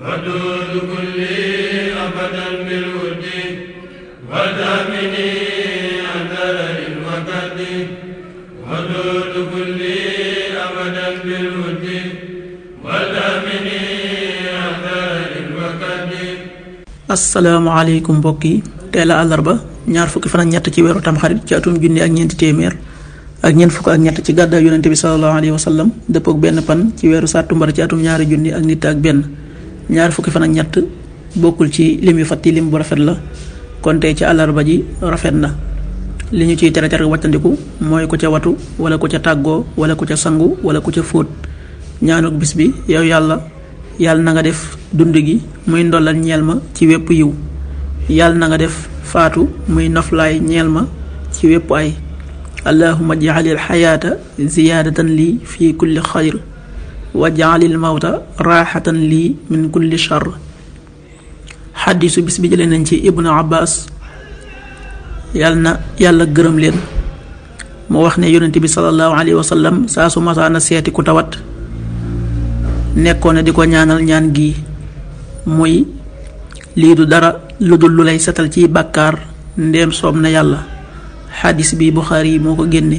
ودود كلي أبدا بالود ودامني أدر وكد ودود كلي أبدا بالود ودامني أدر وكد asalaamaaleykum mbokk yi tey la àllarba ñaar fukki fan ñett ci weeru tamxarit ci atum junni ak ñeenti téeméer ak ñeent fukk ak ñett ci gàddaay yonente bi sallallahu alayhi wa sallam dëppook benn pan ci weeru sàttumbar ci atum ñaari junni ak nit ak benn ñaar fukki fan ak ñett bokkul ci lim yu fàtti lim bu rafet la kon tey ci ba ji rafet na li ñu ciy tere tere wàccandiku mooy ko ca watu wala ko ca tàggoo wala ko ca sangu wala ko ca fóot ñaanuk bis bi yow yàlla yàlla na nga def dund gi muy ndollal ñeel ma ci wépp yiw yàlla na nga def faatu muy noflaay ñeel ma ci wépp ay allahuma jaxalil xayaata ziyaadatan lii fii kulli xayr wajaalil mawta raaxatan lii min kulli char xaddisu bis bi jëlee nañ ci ibnu abbas yàll na yàlla gërëm leen mu wax ne yonent bi salallahu alayhi wa sallam su masaana seeti ku tawat nekkoon na di ko ñaanal ñaan gi muy lii du dara lu dul lu lay setal ci bàkkaar ndéem soob na yàlla xadis bi buxaari yi moo ko génne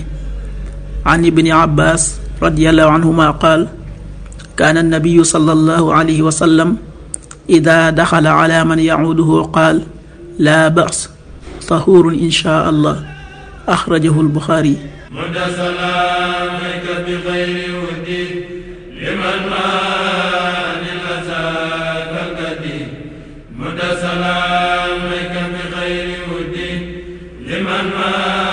an ibni abbas radiallahu anhuma qaal كان النبي صلى الله عليه وسلم إذا دخل على من يعوده قال لا بأس طهور إن شاء الله أخرجه البخاري مد سلامك بغير ودي لمن ما نلساك القديم مد سلامك بغير ودي لمن ما